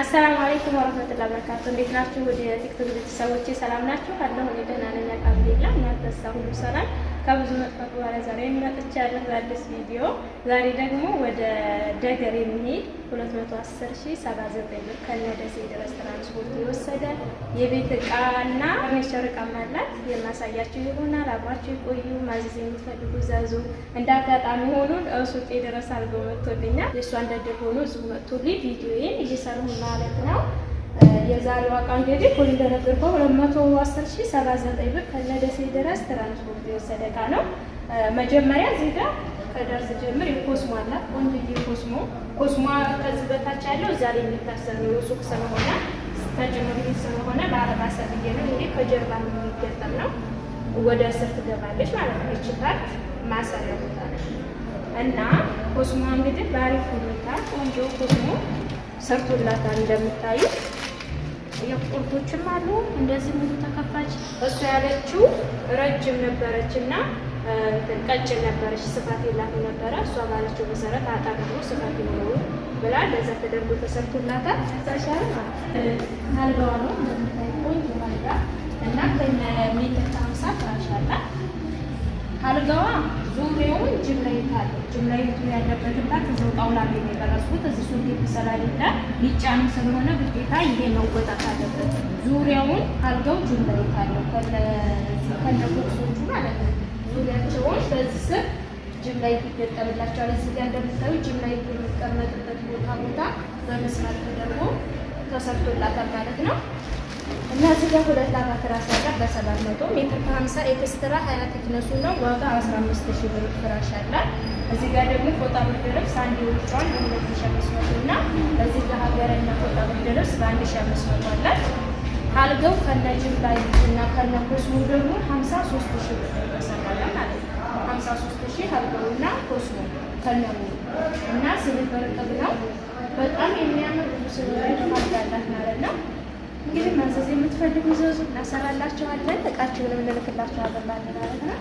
አሰላሙ አለይኩም ወረህመቱላሂ ወበረካቱ። እንዴት ናችሁ? ወደ ቲክቶክ ቤተሰቦቼ ሰላም ናችሁ? አለሁ እኔ ደህና ነኝ፣ አልሐምዱሊላህ። እናንተስ? ሁሉ ሰላም ከብዙ መጥፋት በኋላ ዛሬ መጥቻለሁ በአዲስ ቪዲዮ። ዛሬ ደግሞ ወደ ደገር የሚሄድ 210079 ብር ከነደሴ ድረስ ትራንስፖርት የወሰደ የቤት እቃ እቃና ሜቸር እቃ ማላት የማሳያቸው ይሆናል። አብራቸው የቆዩ ማዘዝ የምትፈልጉ ዘዙ። እንደ አጋጣሚ ሆኑን ሱቄ ድረስ አድርገው መጥቶልኛል። የእሱ አንዳንድ ሆኖ እዚሁ መጥቶልኝ ቪዲዮዬን እየሰሩ ማለት ነው የዛሬዋ ዕቃ እንግዲህ ኮሪደር እንደነገርኩህ ሁለት መቶ ሺህ ሰባ ዘጠኝ ብር ከነደሴ ድረስ ትራንስፖርት የወሰደ ዕቃ ነው። መጀመሪያ እዚህ ጋር ከዳርስ ጀምር የኮስሞ አላት ቆንጆዬ ኮስሞ ኮስሞ ከዚህ በታች ያለው እዛ ላይ የሚታሰር ነው የሱቅ ስለሆነ ተጀምሮ ስለሆነ ለአረባ ሰብዬ ነው። ይሄ ከጀርባ የሚገጠም ነው። ወደ ስር ትገባለች ማለት ነው። ይችላል ማሰሪያ ቦታ ነች እና ኮስሞ እንግዲህ በአሪፍ ሁኔታ ቆንጆ ኮስሞ ሰርቶላታል እንደምታዩት የቁርቶችም አሉ እንደዚህ ሙሉ ተከፋች። እሱ ያለችው ረጅም ነበረች እና ቀጭን ነበረች፣ ስፋት የላትም ነበረ። እሷ ባለችው መሰረት አጠር ስፋት ይኖረው ብላ ለዛ ተደርጎ ተሰርቶላታል። ሳሻል አልበዋ ነው እንደምታይ ቆንጆ አልጋ እና ከነ ሜትር ከሀምሳ ፍራሽ አላት አልጋዋ ዙሪያውን ጅምላይት አለ። ጅምላይቱ ያለበትባት እዛው ጣውላ ላይ የደረስኩት እዚህ ሱት የተሰላሊና ሊጫኑ ስለሆነ ግዴታ ይሄ መወጣት አለበት። ዙሪያውን አልጋው ጅምላይት አለው ከነቦክሶቹ ማለት ነው። ዙሪያቸውን በዚህ ስር ጅምላይት ይገጠምላቸዋል። እዚህ ጋር እንደምታዩ ጅምላይቱ የሚቀመጥበት ቦታ ቦታ በመስራት ደግሞ ተሰርቶላታል ማለት ነው። እና እዚህ ጋር ሁለት አራት ራስ አለ በሰባት መቶ ሜትር ከሀምሳ ኤክስትራ ሀያ ቴክነሱ ነው ዋጋ አስራ አምስት ሺ ብር ፍራሽ አለ። እዚህ ጋር ደግሞ ፎጣ ብርድ ልብስ አንድ የውጭዋን በሁለት ሺ አምስት መቶ እና በዚህ ጋር ሀገረኛ ፎጣ ብርድ ልብስ በአንድ ሺ አምስት መቶ አላት። አልገው ከነ ጅምላ እና ከነ ኮስሙ ደግሞ ሀምሳ ሶስት ሺ ብር ተሰራለ ማለት ነው። ሀምሳ ሶስት ሺ አልገው እና ኮስሙ ከነ እና ስልክ በርቀብ ነው። በጣም የሚያምር ብዙ ስልክ ማለት ነው። እንግዲህ ማዘዝ የምትፈልጉ ዘዙ፣ እናሰራላችኋለን። እቃችሁንም እንልክላችኋለን ማለት ነው።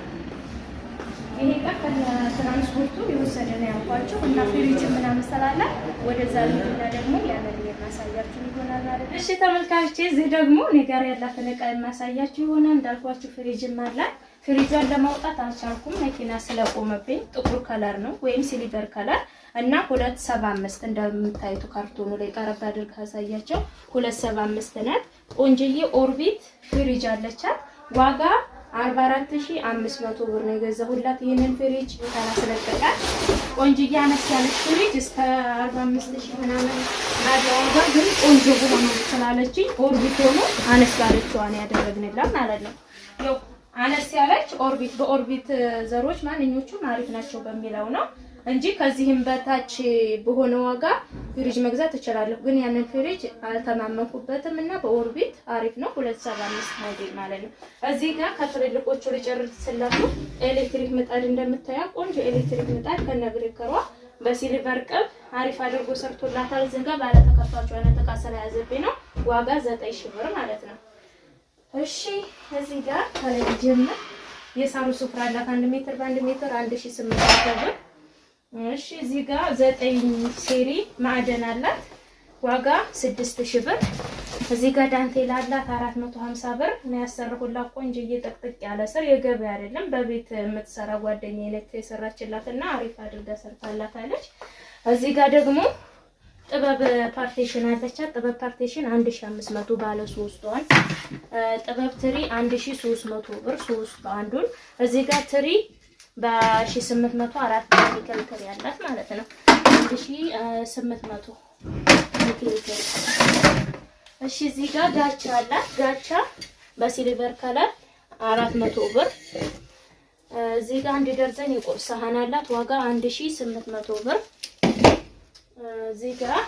ይሄ ቃ ከትራንስፖርቱ የወሰደ ነው ያልኳቸው እና ፍሪጅ ምናምን ስላለ ወደዛ ሚና ደግሞ ያለን የማሳያችሁ ይሆናል እሺ ተመልካቾቼ፣ እዚህ ደግሞ እኔ ጋር ያላትን የማሳያችሁ ይሆናል። እንዳልኳችሁ ፍሪጅም አላት። ፍሪጇን ለማውጣት አልቻልኩም፣ መኪና ስለቆመብኝ። ጥቁር ከለር ነው ወይም ሲሊቨር ከለር እና ሁለት ሰባ አምስት እንደምታዩት ካርቶኑ ላይ ቀረብ አድርግ ያሳያቸው ሁለት ሰባ አምስት ናት። ቆንጅዬ ኦርቢት ፍሪጅ አለቻት ዋጋ አርባ አራት ሺህ አምስት ብር ነው የገዛሁላት። ይህንን ፍሪጅ ታላስለቀቃል። ቆንጅዬ አነስ ያለች ፍሪጅ እስከ አርባ አምስት ምናምን ናዲያዋጋ ግን ቆንጆ ሆኖ ስላለችኝ ኦርቢት ሆኖ አነስ ያለችዋን ያደረግንላት ማለት ነው። ያው አነስ ያለች ኦርቢት በኦርቢት ዘሮች ማንኞቹም አሪፍ ናቸው በሚለው ነው እንጂ ከዚህም በታች በሆነ ዋጋ ፍሪጅ መግዛት እችላለሁ። ግን ያንን ፍሪጅ አልተማመንኩበትም እና በኦርቢት አሪፍ ነው 275 ሞዴል ማለት ነው። እዚህ ጋር ከትልልቆቹ ልጨርስላችሁ። ኤሌክትሪክ ምጣድ እንደምታያ ቆንጆ ኤሌክትሪክ ምጣድ ከነብሬከሯ በሲልቨር ቅብ አሪፍ አድርጎ ሰርቶላታል። እዚህ ጋር ባለ ተከፋቹ አይነት ዕቃ ስለያዘብኝ ነው። ዋጋ 9000 ብር ማለት ነው። እሺ እዚህ ጋር ከላይ ጀምር የሳሩ ስፍራ አላት 1 ሜትር በ1 ሜትር 1800 ብር እሺ እዚህ ጋር ዘጠኝ ሴሪ ማዕደን አላት ዋጋ ስድስት ሺ ብር። እዚህ ጋር ዳንቴል አላት አራት መቶ ሀምሳ ብር ነው ያሰርሁላት። ቆንጆዬ እየጠቅጥቅ ያለ ስር የገበያ አይደለም በቤት የምትሰራ ጓደኛዬ ነች የሰራችላትና አሪፍ አድርጋ አለች። እዚህ ጋር ደግሞ ጥበብ ፓርቴሽን አለቻት። ጥበብ ፓርቴሽን 1500 ባለ 3 ዋን ጥበብ ትሪ 1300 ብር 3 አንዱን እዚህ ጋር ትሪ በ 1804 ሚሊሊትር ያላት ማለት ነው። 1800 ሚሊሊትር። እሺ እዚህ ጋር ጋቻ አላት። ጋቻ በሲልቨር ከለር 400 ብር። እዚህ ጋር አንድ ደርዘን የቁርስ ሳህን አላት። ዋጋ 1800 ብር። እዚህ ጋር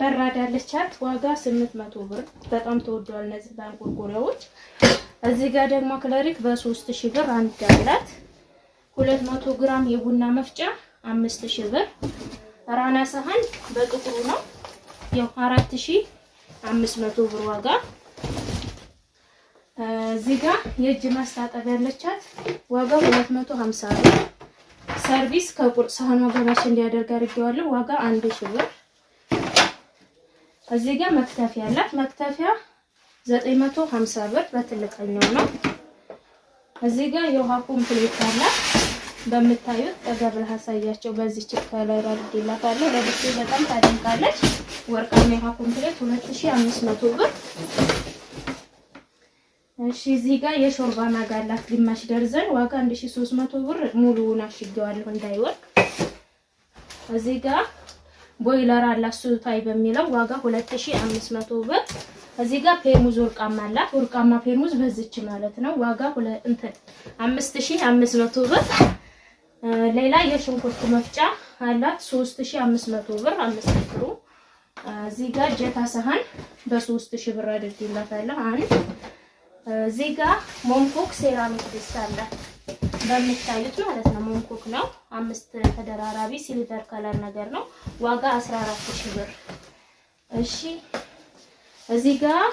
በራዳ አለቻት። ዋጋ 800 ብር። በጣም ተወዷል እነዚህ ባንኮርኮሪያዎች። እዚህ ጋር ደግሞ ክለሪክ በ3000 ብር አንድ አላት። 200 ግራም የቡና መፍጫ 5000 ብር። ራና ሰሃን በጥቁሩ ነው ያው 4500 ብር ዋጋ። እዚህ ጋር የእጅ ማስታጠቢያ ያለቻት ዋጋ 250 ብር። ሰርቪስ ከቁርጥ ሳህኗ በባሽ እንዲያደርግ አድርጌዋለሁ ዋጋ 1000 ብር። እዚህ ጋር መክተፊያ አላት መክተፊያ 950 ብር በትልቀኛው ነው። እዚህ ጋር የውሃ ኮምፕሌት አላት በምታዩት ጠጋ ብለህ አሳያቸው። በዚች ከለር አድርጌላታለሁ። ለብቻ በጣም ታደንቃለች። ወርቃማ የውሃ ኮምፕሌት 2500 ብር። እሺ እዚህ ጋር የሾርባ ማጋላት ግማሽ ደርዘን ዋጋ 1300 ብር። ሙሉውን አሽጌዋለሁ እንዳይወርቅ። እዚህ ጋር ቦይለር አላት ሱታይ በሚለው ዋጋ 2500 ብር። እዚህ ጋር ፔርሙዝ ወርቃማ አላት። ወርቃማ ፔርሙዝ በዚች ማለት ነው ዋጋ 5500 ብር ሌላ የሽንኩርት መፍጫ አላት 3500 ብር አምስት ሊትሩ። እዚህ ጋር ጀታ ሰሃን በ3000 ብር አድርጌላታለሁ። አንድ እዚህ ጋር ሞንኮክ ሴራሚክ ድስት አለ በምታዩት ማለት ነው። ሞንኮክ ነው አምስት ተደራራቢ ሲሊቨር ከለር ነገር ነው። ዋጋ 14000 ብር። እሺ እዚህ ጋር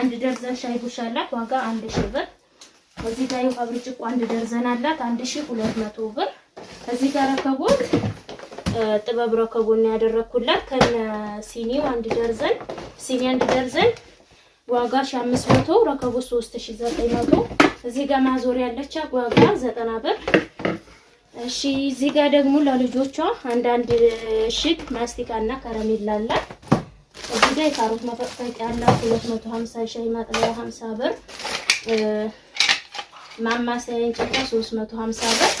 አንድ ደርዘን ሻይ ቡሽ አላት ዋጋ 1000 ብር እዚህ ጋር የውሃ ብርጭቆ አንድ ደርዘን አላት 1200 ብር። እዚህ ጋር ረከቦት ጥበብ ረከቦን ያደረኩላት ከነ ሲኒው አንድ ደርዘን ሲኒ አንድ ደርዘን ዋጋ 500 ረከቦት 3900። እዚህ ጋር ማዞር ያለች ዋጋ 90 ብር። እሺ እዚህ ጋር ደግሞ ለልጆቿ አንዳንድ እሽግ እና ከረሜላ አላት። እዚህ ጋር የካሮት መፈቅፈቅ አላት 250 ሻይ ማጥለያ 50 ብር ማማሰያ እንጨቷ 350 ብር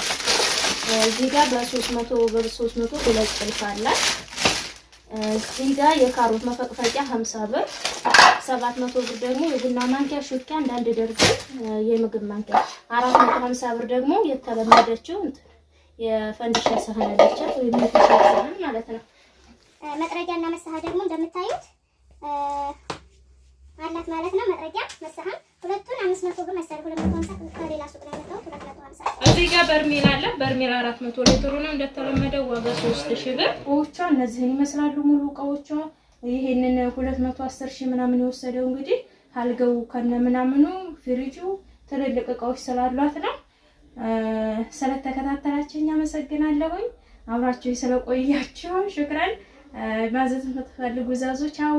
እዚህ ጋር በ300 ብር 300 ሁለት ጥልፍ አለ። እዚህ ጋር የካሮት መፈቅፈቂያ 50 ብር፣ 700 ብር ደግሞ የቡና ማንኪያ ሹኪያ እንዳንድ ደርዘን የምግብ ማንኪያ፣ 450 ብር ደግሞ የተለመደችው የፈንድሻ ሰሃን አለቻት ወይም የፈንዲሻ ሳህን ማለት ነው። መጥረጊያ እና መሳሃ ደግሞ እንደምታዩት አላት ማለት ነው። መጥረጊያ መሳሃ እዚህ ጋር በርሜል አለ። በርሜል አራት መቶ ሊትሩ ነው እንደተለመደው ዋጋ ሶስት ሺህ ብር። እዎቿ እነዚህን ይመስላሉ ሙሉ እቃዎቿ። ይሄንን ሁለት መቶ አስር ሺህ ምናምን የወሰደው እንግዲህ አልገው ከነ ምናምኑ ፍሪጁ ትልልቅ እቃዎች ስላሏት ነው። ስለተከታተላችሁኝ አመሰግናለሁኝ። አብራችሁ ስለቆያችሁ ሽክራን። ማዘዝ የምትፈልጉ ዛዞች አው